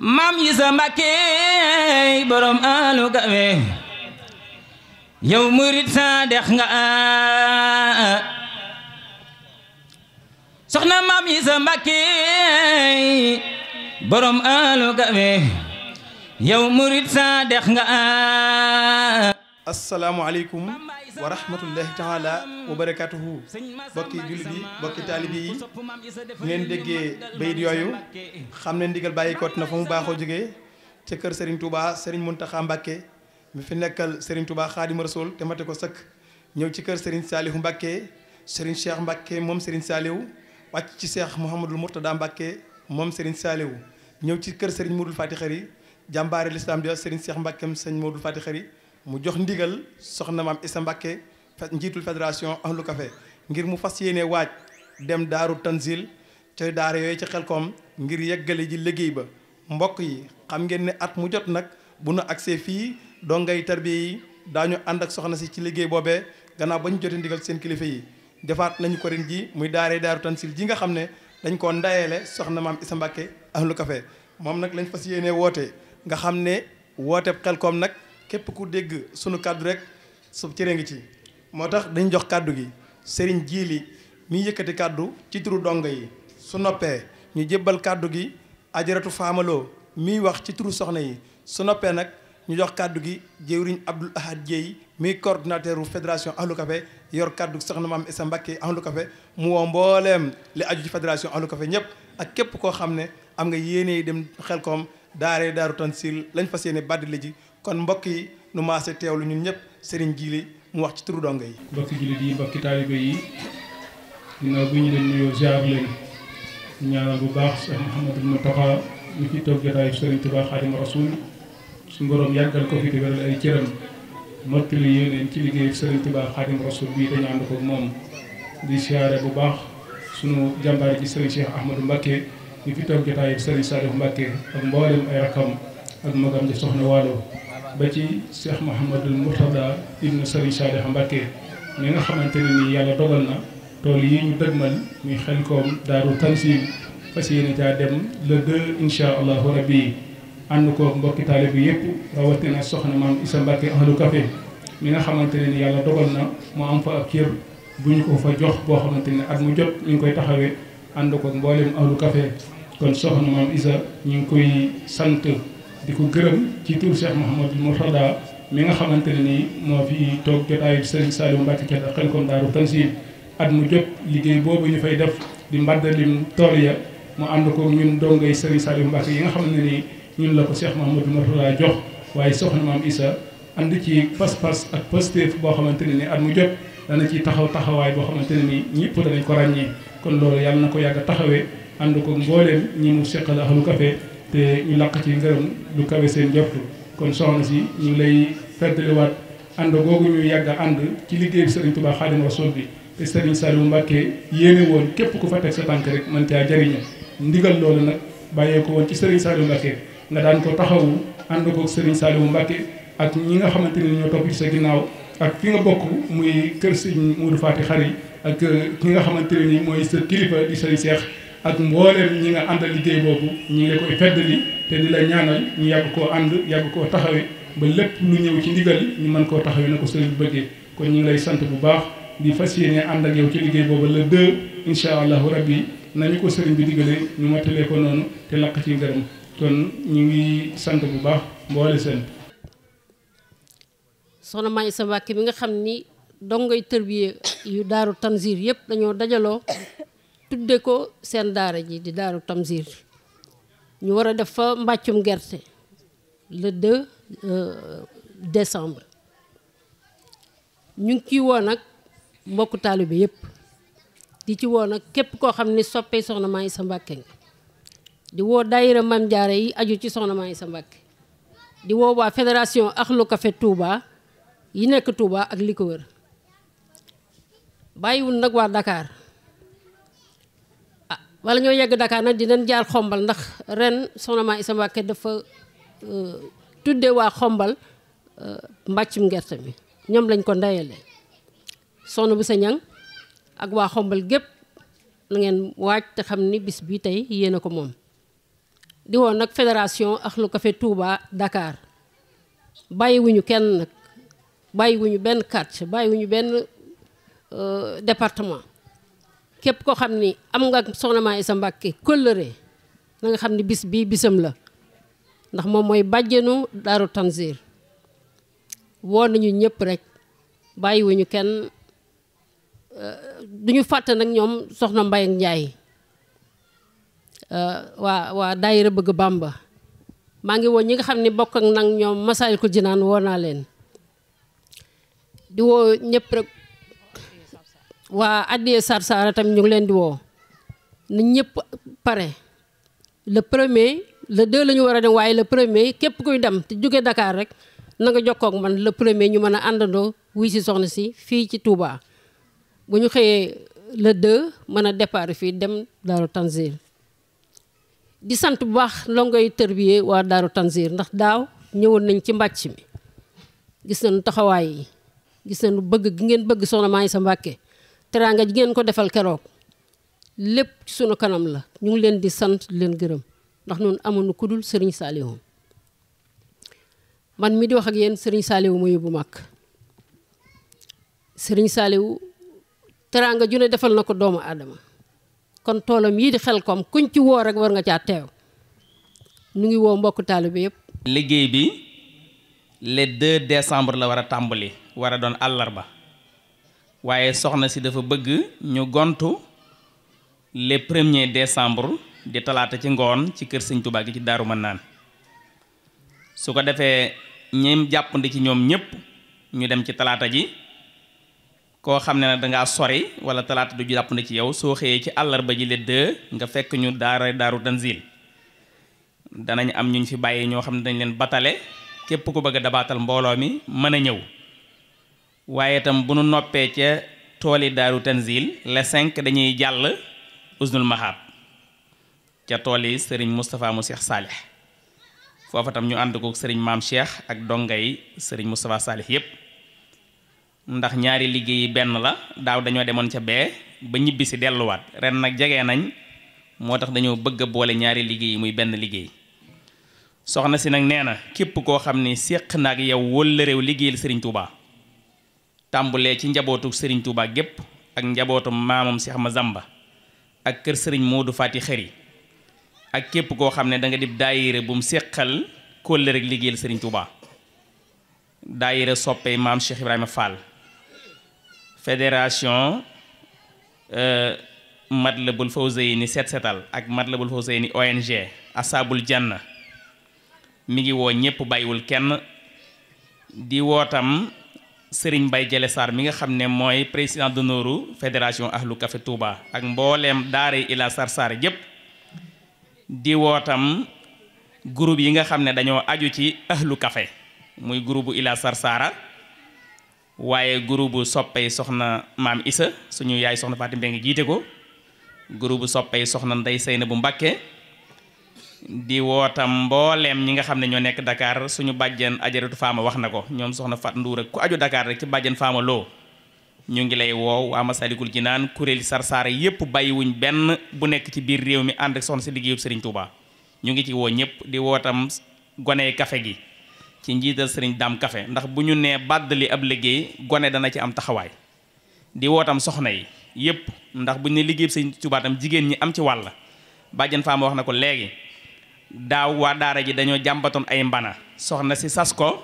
maam yi sa mbàkke borom alu gawe yow murit sa dex nga soxna maam yi sa mbàkke borom alu gawe yow murit sa dex nga asalaamu aleykum wa rahmatullahi taala wa barakatuhu bokki jullit yi bokki taalibi yi ngeen déggee bayit yooyu xam ne ndigal bàyyi koot na fa mu baaxoo jógee ca kër Serigne Touba Serigne Mountakha Mbacké mu fi nekkal Serigne Touba Xaadimu Rasuul te mate ko sëkk ñëw ci kër Serigne Saliou Mbacké Serigne Cheikh Mbacké moom Serigne Saliou wàcc ci Cheikh Mouhamadul Mourtada Mbacké moom Serigne Saliou ñëw ci kër Serigne Modou Fati Khari jàmbaare l'islam di Serigne Cheikh Mbacké Serigne Modou Fati Khari mu jox ndigal soxna maam Issa Mbacké njiitul fédération lu kafe ngir mu fas yéene waaj dem daaru tansil ca daar yooyu ci xelkoom ngir yeggale ji liggéey ba mbokk yi xam ngeen ne at mu jot nag bu nu agsee fii dongay tarbiya yi daañu ànd ak soxna si ci liggéey boobee gannaaw ba ñu jotee ndigal seen kilifa yi defaat nañu ko ren ji muy daaree daaru tansil ji nga xam ne dañ koo ndayeele soxna maam Issa Mbacké lu kafe moom nag lañ fas yéene woote nga xam ne woote xelkoom nag képp ku dégg sunu kàddu rek su cëree ngi ci moo tax dañu jox kàddu gi sëriñ jiili mi yëkkati kàddu ci turu dongo yi su noppee ñu jébbal kàddu gi ajaratu faamaloo miy wax ci turu soxna yi su noppee nag ñu jox kàddu gi jëwriñ Abdoul Ahad Dieye mi coordinateur u fédération Ahlu yor kàddu soxna maam sa Mbacké Ahlu Café mu woo mbooleem li aju ci fédération Ahlu Café ñëpp ak képp koo xam ne am nga yéene dem xel koom daaree daaru tansil lañ fas yéene baddi la ji kon mbokk yi nu maase lu ñun ñëpp sëriñ Jili mu wax ci turu donga yi. mbokki jullit yi mbokki taalibe yi ginnaaw bi ñu leen nuyoo ziar leen ñaanal bu baax Cheikh Mouhamadul Mountakha ñu fi toog jotaayu sëriñ Tuubaa Xaadimu ko fi di liggéey sëriñ Tuubaa Xaadimu di siyaare bu baax sunu jàmbaar ji sëriñ Cheikh Ahmadou Mbacké ñu fi toog jotaayu sëriñ Saliou Mbacké ak mboolem ay rakam ak magam ji soxna Waalo ba ci Cheikh Mouhamadul Mourtada ibnu Sëriñ Saalixa Mbàkke mi nga xamante ni nii yàlla dogal na tool yi ñu dëgmal muy Xelkom Daaru Tanzil fas yéene caa dem le 2 incha allahu rabbi ànd ko mbokki taalib yi yëpp rawatina soxna maam Issa Mbàkke ahlu café mi nga xamante ne ni yàlla dogal na mu am fa ab cër bu ñu ko fa jox boo xamante ni at mu jot ñu ngi koy taxawee ànd ko mboolem ahlu café kon soxna maam Issa ñu ngi koy sant di ko gërëm ci tur Cheikh Mouhamadou Mourtada mi nga xamante ne nii moo fi toog jotaayu Serigne Saliou Mbacke ca xel kon daaru tansiir at mu jëpp liggéey boobu ñu fay def di mbaddalim tool ya mu ànd ko ñun dongay Serigne Saliou Mbacke yi nga xam ne nii ñun la ko Cheikh Mouhamadou Mourtada jox waaye soxna maam Issa ànd ci pas-pas ak positif boo xamante ne nii at mu jëpp dana ci taxaw taxawaay boo xamante ne nii ñëpp danañ ko ràññee kon loolu yà na ko yàgg taxawee ànd ko mbooleem ñi mu seqal ahlu café te ñu laq ci ngërëm lu kawe seen jot kon soxna si ñu ngi lay feddaliwaat ànd googu ñu yàgg ànd ci liggéey bi Serigne Touba Xaadimu Rasuul bi te Serigne Saliou Mbacke yéene woon képp ku fa teg sa tànk rek mën caa jariñu ndigal loolu nag bàyyeekoo woon ci Serigne Saliou Mbacke nga daan ko taxawu ànd koog Serigne Saliou Mbacke ak ñi nga xamante ni ñoo topp ci sa ginnaaw ak fi nga bokk muy kër Serigne Modou Faty Khary ak ki nga xamante ne nii mooy sa kilifa di Serigne Cheikh. ak mbooleem ñi nga àndal liggéey boobu ñi ngi koy feddali te di la ñaanal ñu yàgg koo ànd yàgg koo taxawee ba lépp lu ñëw ci ndigal ñu mën koo taxawee na ko sëriñ bi bëggee kon ñu ngi lay sant bu baax di fas yéene ànd ak ci liggéey boobu le deux incha allahu rabbi nañu ko sëriñ bi digalee ñu mottalee ko noonu te laq ci ngërëm kon ñu ngi sant bu baax mboole seen. soxna Maï Sa Mbàkke bi nga xam ni dongoy tërbiyee yu daaru tanzir yëpp dañoo dajaloo. tudde ko seen daara ji di daaru Tamsir ñu war a def fa mbàccum gerte le 2 euh, décembre ñu ngi ciy woo nag mbokku taalibe yëpp di ci woo nag képp koo xam ne soppee soxna Maam Issa Mbàkke nga di woo daayira Maam Jaara yi aju ci soxna maa Maam sa Mbàkke di woo waa fédération Ahlou Café Touba yi nekk Touba ak li ko wër bàyyiwul nag waa Dakar wala ñoo yegg dakaar nag dinañ jaar xombal ndax ren soxna Maam Issa Mbacké dafa euh, tudde waa xombal euh, mbàccum gerte mi ñoom lañ ko ndeyale soxna bu sa ñang ak waa xombal gépp na ngeen waaj te xam ni bis bi tey yéen a ko moom di woon nag fédération Ahlou Café Touba dakaar bàyyiwuñu kenn nag bàyyiwuñu benn quartier bàyyiwuñu benn euh, département képp ko xam ni am nga soxna Maam sa Mbàkke kóllëre na nga xam ni bis bii bisam la ndax moom mooy bàjjenu daaru Tanzir woo nañu ñëpp rek bàyyiwuñu kenn eh, duñu fàtta nag ñoom soxna Mbay ak Njaay eh, waa waa daayira bëgg Bàmba maa ngi woo ñi nga xam ne bokk ak nag ñoom Masaalikul Jinaan woo naa leen di woo ñëpp rek waa addiyee Sarsara tam ñu leen di woo na ñëpp pare le premier le deux la ñu war a dem waaye la premier képp kuy dem te jóge Dakar rek na nga jokkoog man le premier ñu mën a àndandoo wuy si soxna si fii ci Touba bu ñu xëyee le deux mën a départ fii dem Daaru Tanzir di sant bu baax ndongoy tërbiyee waa Daaru Tanzir ndax daaw ñëwoon nañ ci mbàcc mi gis nañu taxawaay yi gis nañu bëgg gi ngeen bëgg soxna sa Mbacké teraanga ji ngeen ko defal keroog lépp sunu kanam la ñu ngi leen di sant leen gërëm ndax noonu amuñu ku dul sëriñ Saliou man mi di wax ak yéen sëriñ Saliou ma yóbbu mag sëriñ Saliou teraanga ju ne defal na ko doomu aadama kon toolam yii di xel koom kuñ ci woo rek war nga caa teew nu ngi woo mbokk taalibe yépp liggéey bi le 2 décembre la war a tàmbali war a doon àllarba waaye soxna si dafa bëgg ñu gontu le premier décembre di talaata ci ngoon ci kër sëñ Tuubaa gi ci Daaru Manaan su ko defee ñeem jàppandi ci ñoom ñépp ñu dem ci talaata ji koo xam ne nag dangaa sori wala talaata du jàppandi ci yow soo xëyee ci àllarba ji le deux nga fekk ñu daara daaru tanzil danañ am ñu ñu fi bàyyi ñoo xam ne dañ leen batale képp ko bëgg dabaatal mbooloo mi mën a ñëw waaye tam bu nu noppee ca tooli daaru tanzil la cinq dañuy jàll usnul mahab ca tool yi sëriñ moustapha mu cheikh saalih foofa tam ñu ànd ko sëriñ maam cheikh ak dongay sëriñ moustapha saalih yépp ndax ñaari liggéey benn la daaw dañoo demoon ca bee ba ñibbisi delluwaat ren nag jege nañ moo tax dañoo bëgg a boole ñaari liggéey yi muy benn liggéey soxna si nag nee na képp koo xam ni séq na ak yow wóllëréew liggéeyal sëriñ Touba. tàmbulee ci njabootu sëriñ Touba gépp ak njabootu maamam Cheikh Mazamba ak kër sëriñ moo du Fati Xëri ak képp koo xam ne danga nga dib daayire bu mu séqal kóllë rek liggéeyal sëriñ Touba daayire soppe maam Cheikh Ibrahima Fall fédération euh, Matlabul Fawzayni Set Setal ak Matlabul Fawzayni ONG Asabul Janna mi ngi woo ñépp bàyyiwul kenn di wootam Serigne Mbaye Jele saar mi nga xam ne mooy président d'honneur fédération Ahlu kafe Touba ak mbooleem daara Ila Sarr Sarr yépp di wootam groupe yi nga xam ne dañoo aju ci Ahlu kafe muy groupe Ila Sarr Sarr waaye groupe soppey soxna maam isa suñu yaay soxna Fatim ngi jiite ko groupe soppey soxna Ndey Seyna bu Mbàkke di woo wootam mbooleem ñi nga xam ne ñoo nekk dakaar suñu bàjjeen ajaratu faama wax na ko ñoom soxna Fat Nduur ak ku aju Dakar rek ci bàjjen faama loo ñu ngi lay woow waa Masalikul naan kuréeli sarsaara yépp bàyyiwuñ benn bu nekk ci biir réew mi ànd ak soxna si liggéeyub Serigne Touba ñu ngi ci woo ñëpp di wootam gone kafe gi ci njiital sëriñ daam Kafe ndax bu ñu nee li ab liggéey gone dana ci am taxawaay di wootam soxna yi yépp ndax bu ñu ne liggéeyub Serigne jigéen ñi am ci wàll bàjjen faama wax na ko léegi daaw waa daara ji dañoo jàmbatoon ay mbana soxna si sas ko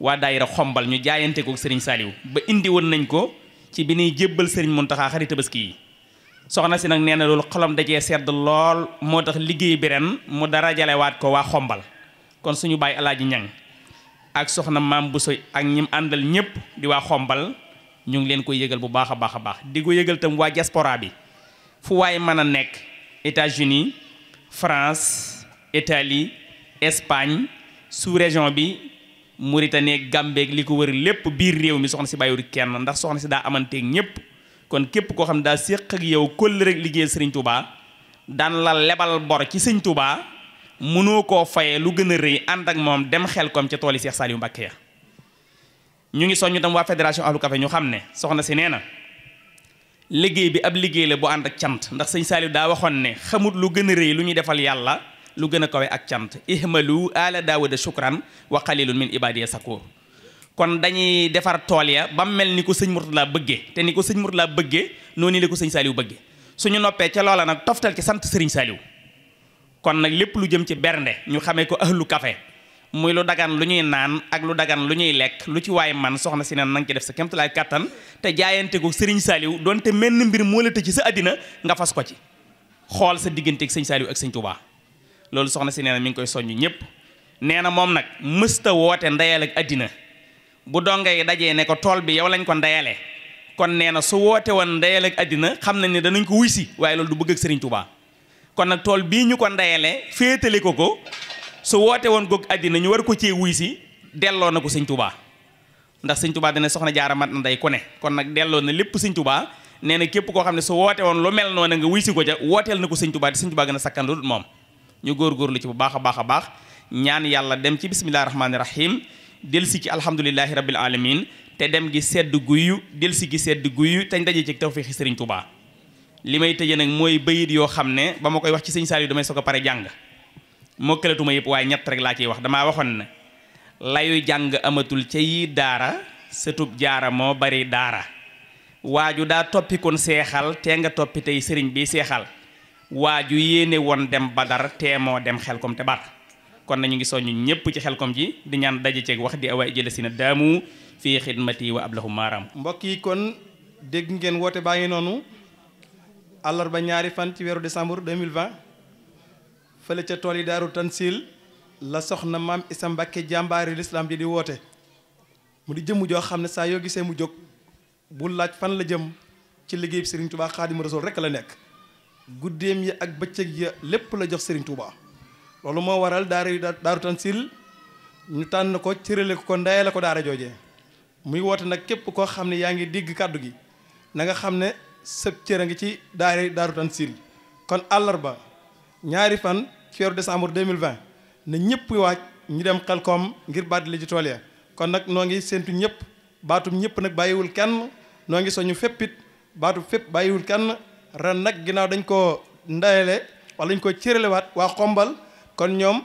waa daayira xombal ñu jaayante ko sëriñ Saliou ba indi woon nañ ko ci bi ñuy jébbal sëriñ Mountakha xarit Tabaski yi soxna si nag nee na loolu xolam da sedd lool moo tax liggéey bi ren mu dara jalewaat ko waa xombal kon suñu baay alaaji ñang ak soxna maam bu Bousso ak ñim àndal ñépp di waa xombal ñu ngi leen koy yëgal bu baax a baax a baax di ko yëgal tam waa diaspora bi fu waay mën a nekk États-Unis Italie Espagne su région bi Mauritanie Gambie li ko wër lépp biir réew mi soxna si bàyyiwul kenn ndax soxna si daa amanteeg ñëpp kon képp koo xam ne daa séq ak yow këll rek liggéey Sëriñ Touba daan la lebal bor ci Sëriñ Touba mënoo koo fayee lu gën a rëy ànd ak moom dem xel kom ca tool yi Seex Saliou Mbacké ya ñu ngi soññu tam waa fédération Ahlu Café ñu xam ne soxna si nee na liggéey bi ab liggéey la bu ànd ak cant ndax sëñ Saliou daa waxoon ne lu ñuy defal yàlla lu gën a kawe ak cant ihmalu ala daawuda shukran wa qalilun min ibadiya sakur kon dañuy defar tool ya ba mu mel ni ko sëñ Mourtala bëggee te ni ko sëñ Mourtala bëggee noonu la sëñ sëñ Saliou bëggee suñu noppee ca loola nag toftal ci sant sëriñ Saliou kon nag lépp lu jëm ci bernde ñu xamee ko ahlu kafe muy lu dagan lu ñuy naan ak lu dagan lu ñuy lekk lu ci waay man soxna si ne na nga ci def sa kéemtalaay kàttan te jaayante ko sëriñ Saliou donte menn mbir moo la tëj ci sa àddina nga fas ko ci xool sa digganteeg sëñ Saliou ak sëñ Touba. loolu soxna si nee na mi ngi koy soññ ñëpp nee na moom nag mësta woote ndayal ak àddina bu dongay dajee ne ko tool bi yow lañ ko ndayale kon nee na su woote woon ndayal ak xam nañ ne danañ ko wuy si waaye loolu du bëgg ak Serigne Touba kon nag tool bii ñu ko ndayale féetale ko ko su woon goog addina ñu war ko ci wuy si delloo na ko Serigne Touba ndax Serigne Touba dana soxna jaara mat na nday ku ne kon nag delloo na lépp Serigne Touba nee na képp koo xam ne su woote woon lu mel noonu nga wuy si ko ca wooteel na ko Serigne Touba di Serigne Touba gën a sakkan lu dul moom ñu góor góorlu ci bu baax a baax a baax ñaan yàlla dem ci bisimillahi rahmaani rahim delsi ci alhamdulilahi rabbil alamin te dem gi sedd guyyu delsi gi sedd guyyu tañ daje ci tawfiixi sëriñ Tuubaa li may tëje nag mooy bayit yoo xam ne ba ma koy wax ci sëñ Saliou damay soog ko pare jàng mokkalatuma yëpp waaye ñett rek laa ciy wax damaa waxoon na layu jàng amatul ca yi daara sëtub jaara moo bari daara waa ju daa toppikoon seexal tee nga toppi tey sëriñ bi seexal waa ju yéene woon dem badar moo dem xelkom te baat kon nañu ngi soññu ñëpp ci xel xelkom ji di ñaan daje ceeg wax di awaay jële si na daamu fii xidmati wa ablahu maaraam mbokk yi kon dégg ngeen woote baa ngi noonu àllarba ñaari fan ci weeru décembre 2020 fële ca tool yi daaru tansil la soxna maam isa mbàkke jàmbaari lislaam ji di woote mu di jëmm joo xam ne saa yoo gisee mu jóg bu laaj fan la jëm ci liggéey bi sëriñ tubaa xaadimu rasuul rekk la nekk guddeem yi ak bëccëg ya lépp la jox Serigne Touba loolu moo waral daaru daaru Tansil ñu tànn ko cërale ko la ko daara jooje muy woote nag képp koo xam ne yaa ngi digg kàddu gi na nga xam ne sëb cër a ngi ci daara daaru Tansil kon àllarba ñaari fan ci weeru décembre 2020 na ñëpp waaj ñu dem Xelkom ngir baatale ci tool ya kon nag noo ngi séentu ñëpp baatum ñëpp nag bàyyiwul kenn noo ngi soñu féppit baatu fépp bàyyiwul kenn ren nag ginaaw dañ koo ndayale wala dañ ko cëralewaat waa xombal kon ñoom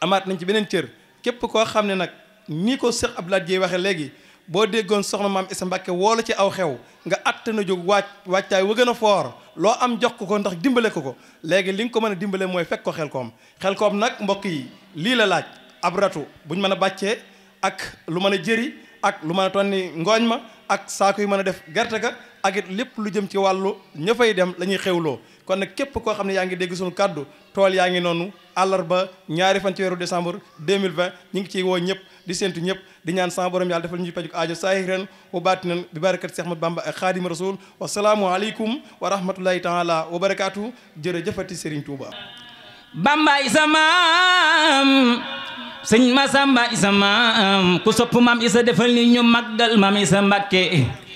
amaat nañ ci beneen cër képp koo xam ne nag nii ko Cheikh Abdoulaye Dieye waxee léegi boo déggoon soxna maam sa Mbacke woola ci aw xew nga àtt na jóg waaj waajtaay wa gën a foor loo am jox ko ko ndax dimbale ko ko léegi li nga ko mën a dimbale mooy fekk ko xel koom nag mbokk yi lii la laaj ab ratu buñ mën a bàccee ak lu mën a jëri ak lu mën a tonni ngooñ ma ak saako yu mën a def gerte ga ak it lépp lu jëm ci wàllu ña fay dem la ñuy loo kon nag képp koo xam ne yaa ngi dégg suñu kàddu tool yaa ngi noonu àllarba ñaari fan ci weeru décembre 2020 ñu ngi ciy woo ñëpp di séntu ñëpp di ñaan sama borom yàlla defal ñu ci paju aajo saahiran wa baatinan bi barakat Seex Ahmadu Bamba ak xaadim rasul wasalaamu aleykum wa rahmatullahi taala wa barakaatu jërëjëfati Serigne Touba bambaay samaam sëñ Masamba isa maam ku sopp maam isa defal ni ñu màggal maam isa Mbàkke